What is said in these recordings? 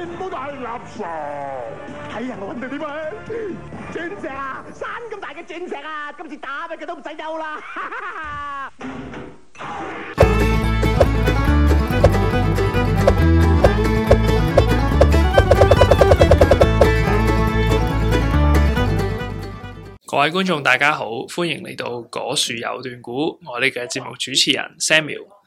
全大垃圾！睇人我穩定啲咩？鑽石啊，山咁大嘅鑽石啊，今次打畀佢都唔使憂啦！各位觀眾大家好，歡迎嚟到《箇處有段故》，我哋嘅節目主持人 Samuel。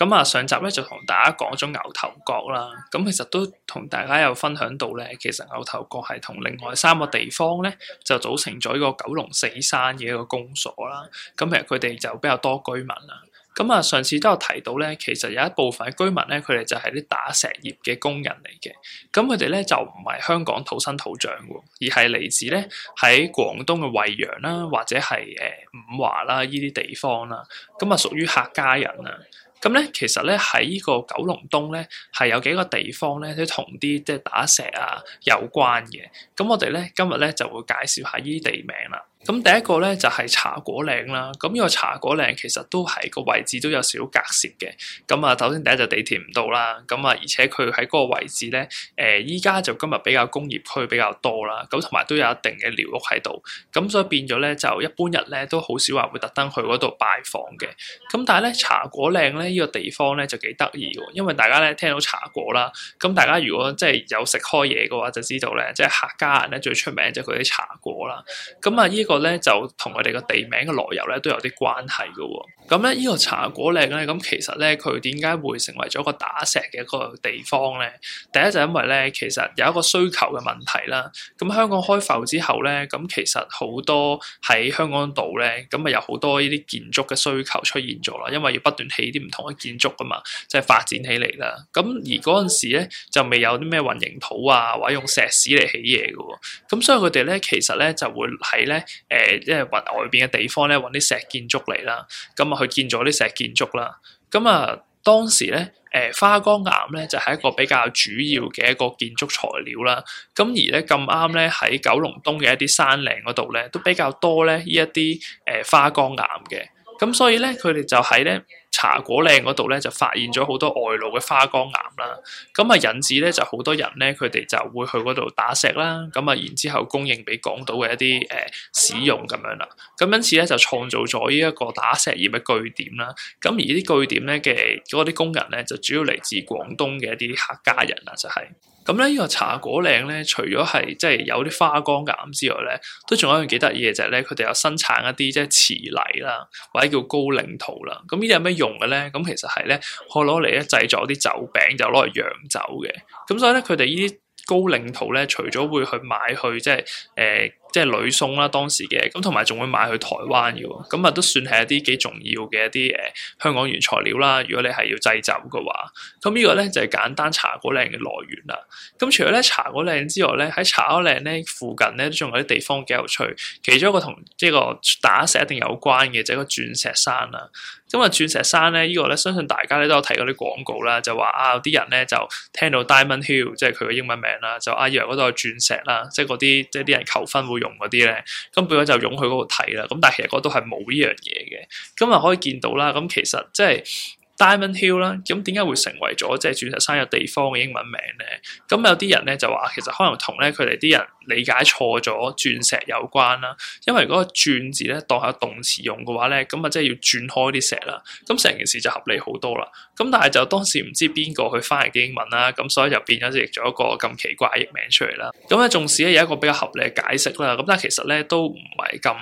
咁啊，上集咧就同大家講咗牛頭角啦，咁其實都同大家有分享到咧，其實牛頭角係同另外三個地方咧，就組成咗一個九龍四山嘅一個公所啦。咁其實佢哋就比較多居民啦。咁啊，上次都有提到咧，其實有一部分居民咧，佢哋就係啲打石業嘅工人嚟嘅。咁佢哋咧就唔係香港土生土長嘅，而係嚟自咧喺廣東嘅惠陽啦，或者係誒五華啦依啲地方啦。咁啊，屬於客家人啊。咁咧，其實咧喺呢個九龍東咧，係有幾個地方咧都同啲即係打石啊有關嘅。咁我哋咧今日咧就會介紹下呢啲地名啦。咁第一個咧就係茶果嶺啦，咁呢個茶果嶺其實都係個位置都有少少隔涉嘅。咁啊頭先第一就地鐵唔到啦，咁啊而且佢喺嗰個位置咧，誒依家就今日比較工業區比較多啦，咁同埋都有一定嘅寮屋喺度，咁所以變咗咧就一般日咧都好少話會特登去嗰度拜訪嘅。咁但係咧茶果嶺咧呢個地方咧就幾得意喎，因為大家咧聽到茶果啦，咁大家如果即係有食開嘢嘅話就知道咧，即係客家人咧最出名就係佢啲茶果啦，咁啊呢個個咧就同我哋個地名嘅來由咧都有啲關係嘅喎。咁咧，呢個茶果嶺咧，咁其實咧，佢點解會成為咗一個打石嘅一個地方咧？第一就因為咧，其實有一個需求嘅問題啦。咁香港開埠之後咧，咁其實好多喺香港島咧，咁啊有好多呢啲建築嘅需求出現咗啦，因為要不斷起啲唔同嘅建築噶嘛，即係發展起嚟啦。咁而嗰陣時咧，就未有啲咩混凝土啊，或者用石屎嚟起嘢嘅喎。咁所以佢哋咧，其實咧就會喺咧。誒即係揾外邊嘅地方咧，揾啲石建築嚟啦。咁、嗯、啊去建咗啲石建築啦。咁、嗯、啊當時咧，誒、呃、花崗岩咧就係、是、一個比較主要嘅一個建築材料啦。咁、嗯、而咧咁啱咧喺九龍東嘅一啲山嶺嗰度咧，都比較多咧呢一啲誒、呃、花崗岩嘅。咁、嗯、所以咧佢哋就喺咧。茶果嶺嗰度咧就發現咗好多外露嘅花崗岩啦，咁啊引致咧就好多人咧佢哋就會去嗰度打石啦，咁啊然之後供應俾港島嘅一啲誒、呃、使用咁樣啦，咁因此咧就創造咗呢一個打石業嘅據點啦，咁而呢啲據點咧嘅嗰啲工人咧就主要嚟自廣東嘅一啲客家人啦，就係、是。咁咧，依個茶果嶺咧，除咗係即係有啲花崗岩之外咧，都仲有一樣幾得意嘅就係、是、咧，佢哋有生產一啲即係瓷泥啦，或者叫高嶺土啦。咁、嗯、呢啲有咩用嘅咧？咁其實係咧，我攞嚟咧製作啲酒餅，就攞嚟釀酒嘅。咁、嗯、所以咧，佢哋呢啲高嶺土咧，除咗會去買去即係誒、呃即係呂宋啦，當時嘅咁同埋仲會買去台灣嘅，咁啊都算係一啲幾重要嘅一啲誒香港原材料啦。如果你係要製酒嘅話，咁呢個咧就係簡單茶果嶺嘅來源啦。咁除咗咧茶果嶺之外咧，喺茶果嶺咧附近咧仲有啲地方幾有趣。其中一個同呢個打石一定有關嘅就係個鑽石山啦。咁啊鑽石山咧呢個咧相信大家咧都有睇過啲廣告啦，就話啊有啲人咧就聽到 Diamond Hill 即係佢嘅英文名啦，就啊以為嗰度有鑽石啦，即係嗰啲即係啲人求婚會。用嗰啲咧，咁變就用佢嗰度睇啦，咁但係其實嗰度係冇呢樣嘢嘅，咁啊可以見到啦，咁其實即係。Diamond Hill 啦，咁點解會成為咗即係鑽石山嘅地方嘅英文名咧？咁有啲人咧就話其實可能同咧佢哋啲人理解錯咗鑽石有關啦。因為如果個鑽字咧當下動詞用嘅話咧，咁啊即係要鑽開啲石啦。咁成件事就合理好多啦。咁但係就當時唔知邊個去翻譯嘅英文啦，咁所以就變咗譯咗一個咁奇怪嘅譯名出嚟啦。咁咧縱使咧有一個比較合理嘅解釋啦，咁但係其實咧都唔係咁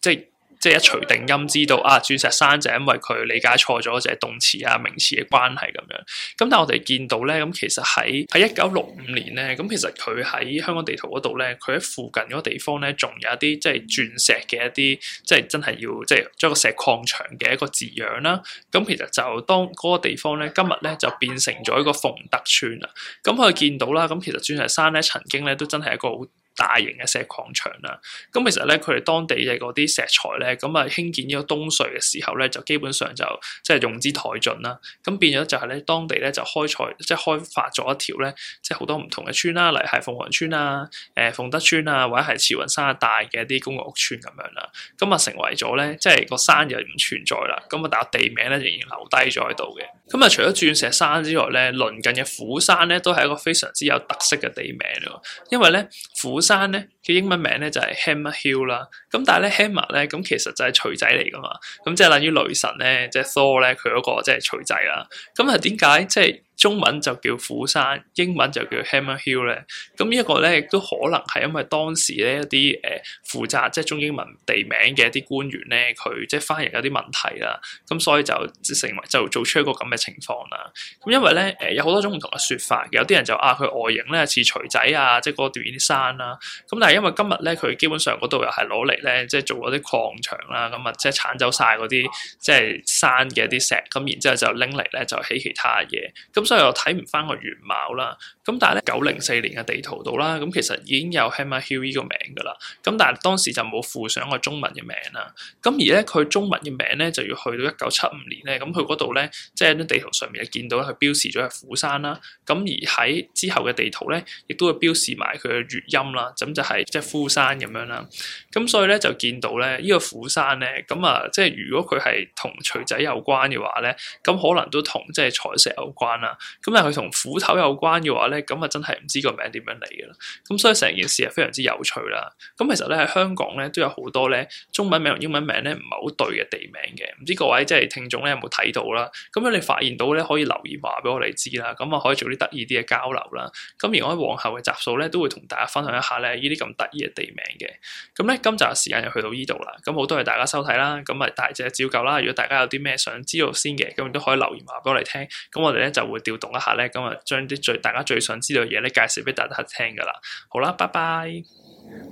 即係。就是即係一槌定音，知道啊！鑽石山就係因為佢理解錯咗，就係動詞啊名詞嘅關係咁樣。咁但係我哋見到咧，咁其實喺喺一九六五年咧，咁其實佢喺香港地圖嗰度咧，佢喺附近嗰個地方咧，仲有一啲即係鑽石嘅一啲，即係真係要即係將個石礦場嘅一個字樣啦。咁其實就當嗰個地方咧，今日咧就變成咗一個鳳德村啦。咁可以見到啦，咁其實鑽石山咧曾經咧都真係一個好大型嘅石礦場啦，咁其實咧佢哋當地嘅嗰啲石材咧，咁啊興建呢個東隧嘅時候咧，就基本上就即係用之殆盡啦。咁變咗就係咧當地咧就開採即係開發咗一條咧，即係好多唔同嘅村啦，例係鳳凰村啊、誒、呃、鳳德村啊，或者係慈雲山大嘅一啲公共屋，屋村咁樣啦。咁啊成為咗咧，即係個山又唔存在啦，咁啊但係地名咧仍然留低咗喺度嘅。咁啊，除咗鑽石山之外咧，鄰近嘅斧山咧都係一個非常之有特色嘅地名咯。因為咧，斧山咧嘅英文名咧就係 Hammer Hill 啦。咁但係咧，Hammer 咧咁其實就係錘仔嚟噶嘛。咁即係等於雷神咧，即係 Thor 咧佢嗰個即係錘仔啦。咁啊，點解即係？中文就叫斧山，英文就叫 Hammer Hill 咧。咁呢一個咧，亦都可能係因為當時咧一啲誒負責即係中英文地名嘅一啲官員咧，佢即係翻譯有啲問題啦。咁所以就成為就做出一個咁嘅情況啦。咁因為咧誒、呃、有好多種唔同嘅説法，有啲人就啊佢外形咧似錘仔啊，即係嗰段山啦、啊。咁但係因為今日咧佢基本上嗰度又係攞嚟咧即係做嗰啲礦場啦，咁啊即係剷走晒嗰啲即係山嘅啲石，咁然之後就拎嚟咧就起其他嘢咁。咁、嗯、所以我睇唔翻個原貌啦。咁但係咧，九零四年嘅地圖度啦，咁其實已經有 Hammer Hill 依個名㗎啦。咁但係當時就冇附上個中文嘅名啦。咁而咧佢中文嘅名咧就要去到一九七五年咧。咁佢嗰度咧即係啲地圖上面見到佢標示咗係斧山啦。咁而喺之後嘅地圖咧，亦都會標示埋佢嘅粵音啦。咁就係即係斧山咁樣啦。咁所以咧就見到咧，呢個斧山咧，咁啊即係如果佢係同錘仔有關嘅話咧，咁可能都同即係採石有關啦。咁但係佢同斧頭有關嘅話咧，咁啊真係唔知個名點樣嚟嘅啦。咁所以成件事係非常之有趣啦。咁其實咧喺香港咧都有好多咧中文名同英文名咧唔係好對嘅地名嘅。唔知各位即係聽眾咧有冇睇到啦？咁樣你發現到咧可以留言話俾我哋知啦。咁啊可以做啲得意啲嘅交流啦。咁而我喺往後嘅集數咧都會同大家分享一下咧呢啲咁得意嘅地名嘅。咁咧今集嘅時間就去到呢度啦。咁好多謝大家收睇啦。咁啊大隻照舊啦。如果大家有啲咩想知道先嘅，咁亦都可以留言話俾我哋聽。咁我哋咧就會。調動一下咧，咁啊，將啲最大家最想知道嘅嘢咧，介紹俾大家聽噶啦。好啦，拜拜。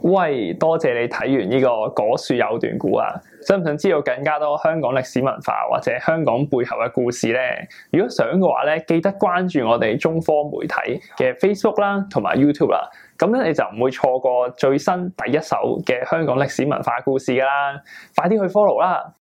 喂，多謝你睇完呢、這個《果樹有段故》啊！想唔想知道更加多香港歷史文化或者香港背後嘅故事咧？如果想嘅話咧，記得關注我哋中科媒體嘅 Facebook 啦，同埋 YouTube 啦。咁咧，你就唔會錯過最新第一手嘅香港歷史文化故事啦。快啲去 follow 啦！